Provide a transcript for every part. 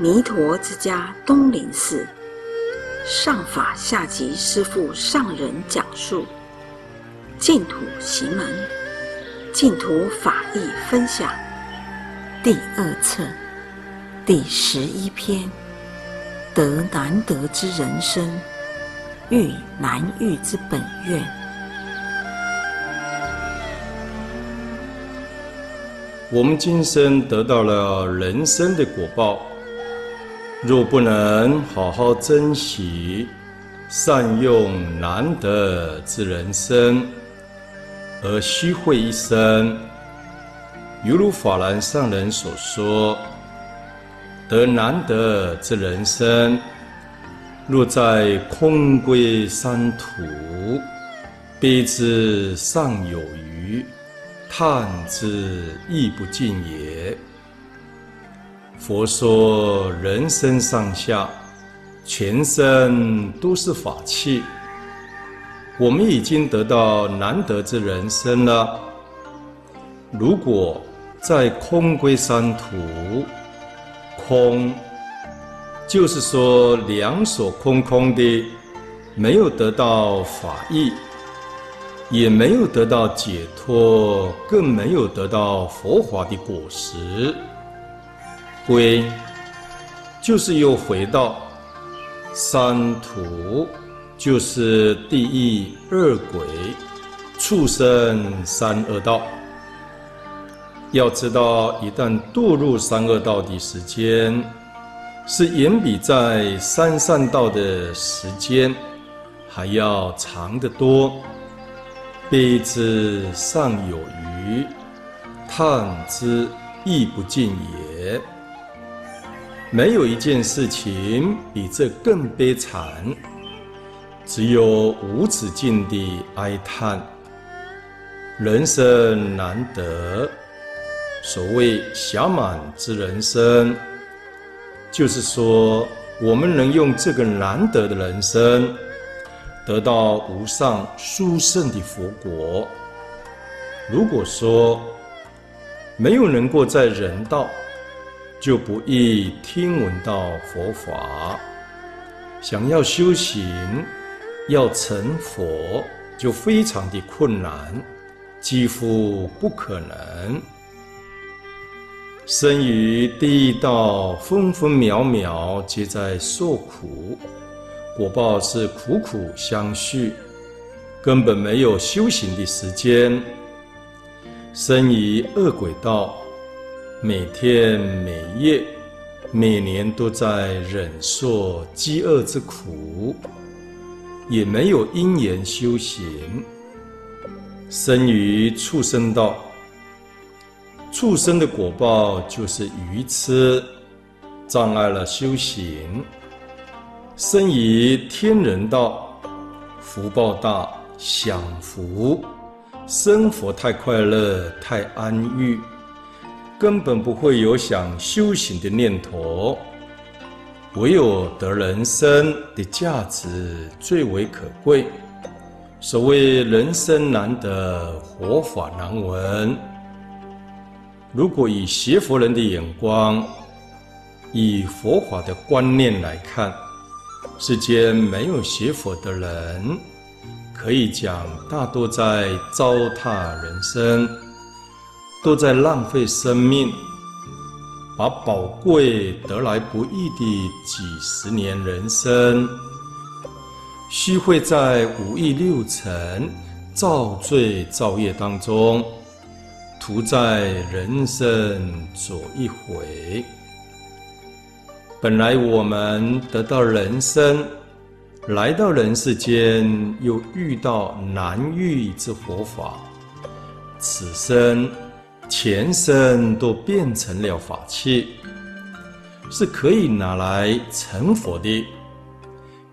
彌陀之家東林寺上法下寂師父上人講述《淨土奇門》淨土法義分享第二冊第十一篇：得難得之人身，遇難遇之本願。我們今生得到了人身的果報。若不能好好珍惜、善用難得之人身，而虛廢一生，猶如，如法然上人所說：“得難得之人身，若在空歸三途，悲之尚有餘，嘆之亦不盡也。”佛說，人身上下，全身都是法器。我們已經得到難得之人身了。如果再空歸三途，空，就是說兩手空空的，沒有得到法益，也沒有得到解脫，更沒有得到佛法的果實。歸，就是又回到三途，就是地獄、餓鬼、畜生三惡道。要知道，一旦墮入三惡道的時間，是遠比在三善道的時間還要長得多，悲之尚有餘，嘆之亦不盡也。沒有一件事情比這更悲慘，只有無止境的哀嘆。人生難得，所謂“暇滿之人生”，就是說我們能用這個難得的人生，得到無上殊勝的佛果。如果說沒有能夠在人道。就不易聽聞到佛法，想要修行，要成佛，就非常的困難，幾乎不可能。生於地獄道，分分秒秒皆在受苦，果報是苦苦相續，根本沒有修行的時間。生於惡鬼道。每天每夜，每年都在忍受飢餓之苦，也沒有因緣修行。生於畜生道，畜生的果報就是愚痴，障礙了修行。生於天人道，福報大，享福，生活太快樂，太安逸。根本不會有想修行的念頭，唯有得人生的價值最為可貴。所謂“人生難得，佛法難聞”。如果以學佛人的眼光，以佛法的觀念來看，世間沒有學佛的人，可以講大多在糟蹋人生。都在浪費生命，把寶貴得來不易的幾十年人生，虛會在五欲六塵、造罪造業當中，徒在人生走一回。本來我們得到人生，來到人世間，又遇到難遇之佛法，此生。全身都變成了法器，是可以拿來成佛的。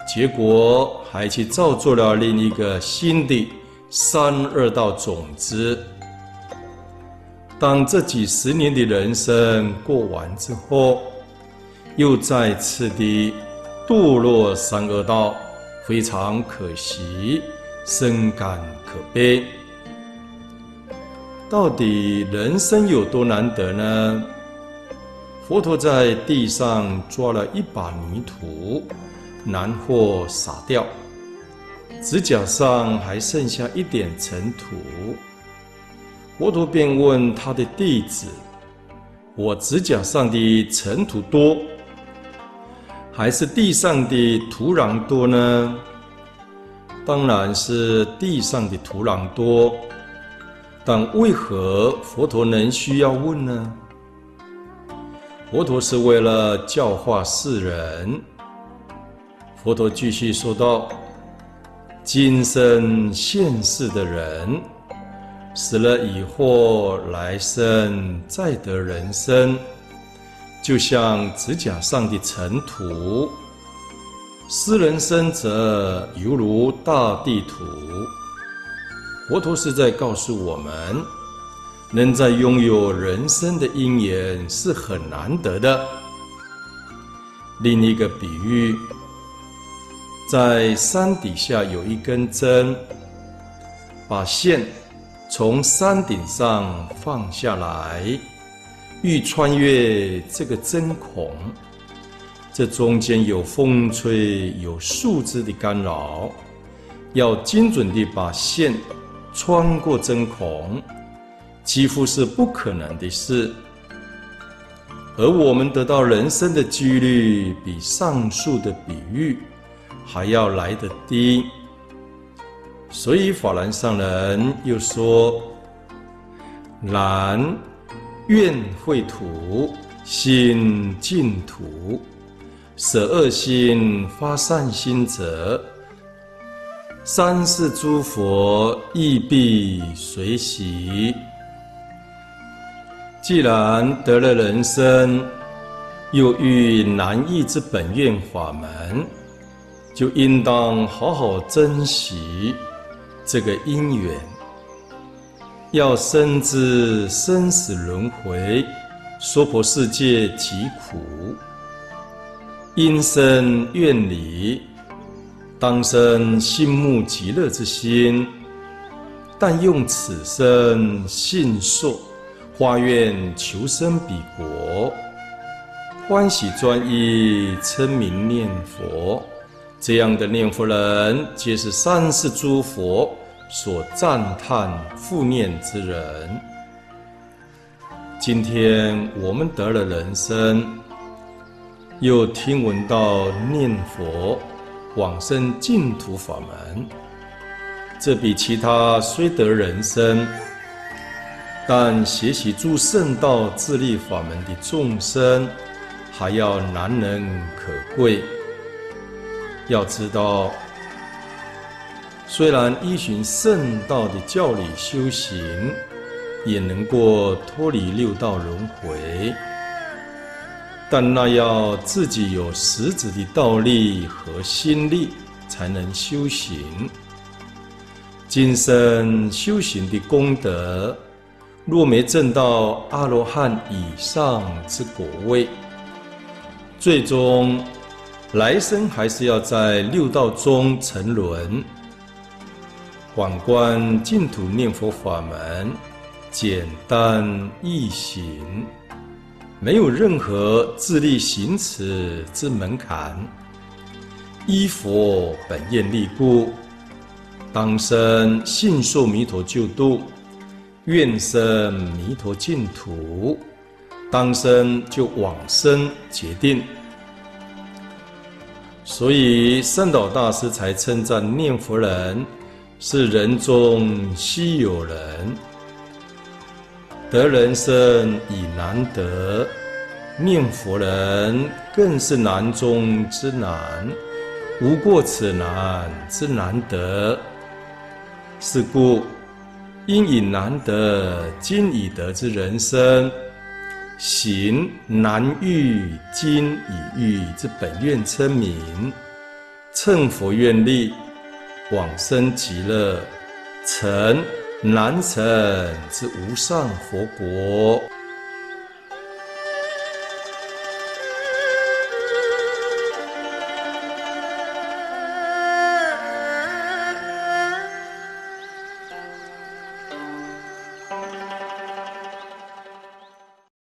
結果還去造作了另一個新的三惡道種子。當這幾十年的人生過完之後，又再次的墮落三惡道，非常可惜，深感可悲。到底人生有多難得呢？佛陀在地上抓了一把泥土，然後撒掉，指甲上還剩下一點塵土。佛陀便問他的弟子：“我指甲上的塵土多，還是地上的土壤多呢？”當然是地上的土壤多。但為何佛陀能需要問呢？佛陀是為了教化世人。佛陀繼續說道：今生現世的人，死了以後，來生再得人身，就像指甲上的塵土；失人身則猶如大地土。佛陀是在告訴我們，能在擁有人身的因緣是很難得的。另一個比喻，在山底下有一根針，把線從山頂上放下來，欲穿越這個針孔，這中間有風吹、有樹枝的干擾，要精準地把線。穿過針孔，幾乎是不可能的事。而我們得到人身的幾率，比上述的比喻還要來得低。所以法然上人又說：“然願穢土欣淨土，捨惡心發善心者。”三世諸佛亦必隨喜。既然得了人身，又遇難遇之本願法門，就應當好好珍惜這個因緣，要深知生死輪回、娑婆世界極苦、因生願離。當生信慕極樂之心，但用此生信受發願求生彼國，歡喜專一稱名念佛，這樣的念佛人，皆是三世諸佛所讚歎護念之人。今天我們得了人身，又聽聞到念佛，往生淨土法門，這比其他雖得人身，但學習諸聖道自力法門的眾生，還要難能可貴。要知道，雖然依循聖道的教理修行，也能夠脫離六道輪迴。但那要自己有實質的道力和心力，才能修行。今生修行的功德，若沒證到阿羅漢以上之果位，最終來生還是要在六道中沉淪。反觀淨土念佛法門，簡單易行。沒有任何自力行持之門檻，依佛本願力故，當生信受彌陀救度，願生彌陀淨土，當生就往生決定。所以善導大師才稱讚念佛人是人中稀有人。得人身已難得，念佛人更是難中之難，無過此難之難得。是故，應以難得，今已得之人身；行難遇，今已遇之本願稱名，乘佛願力，往生極樂，成。南城之無上佛國。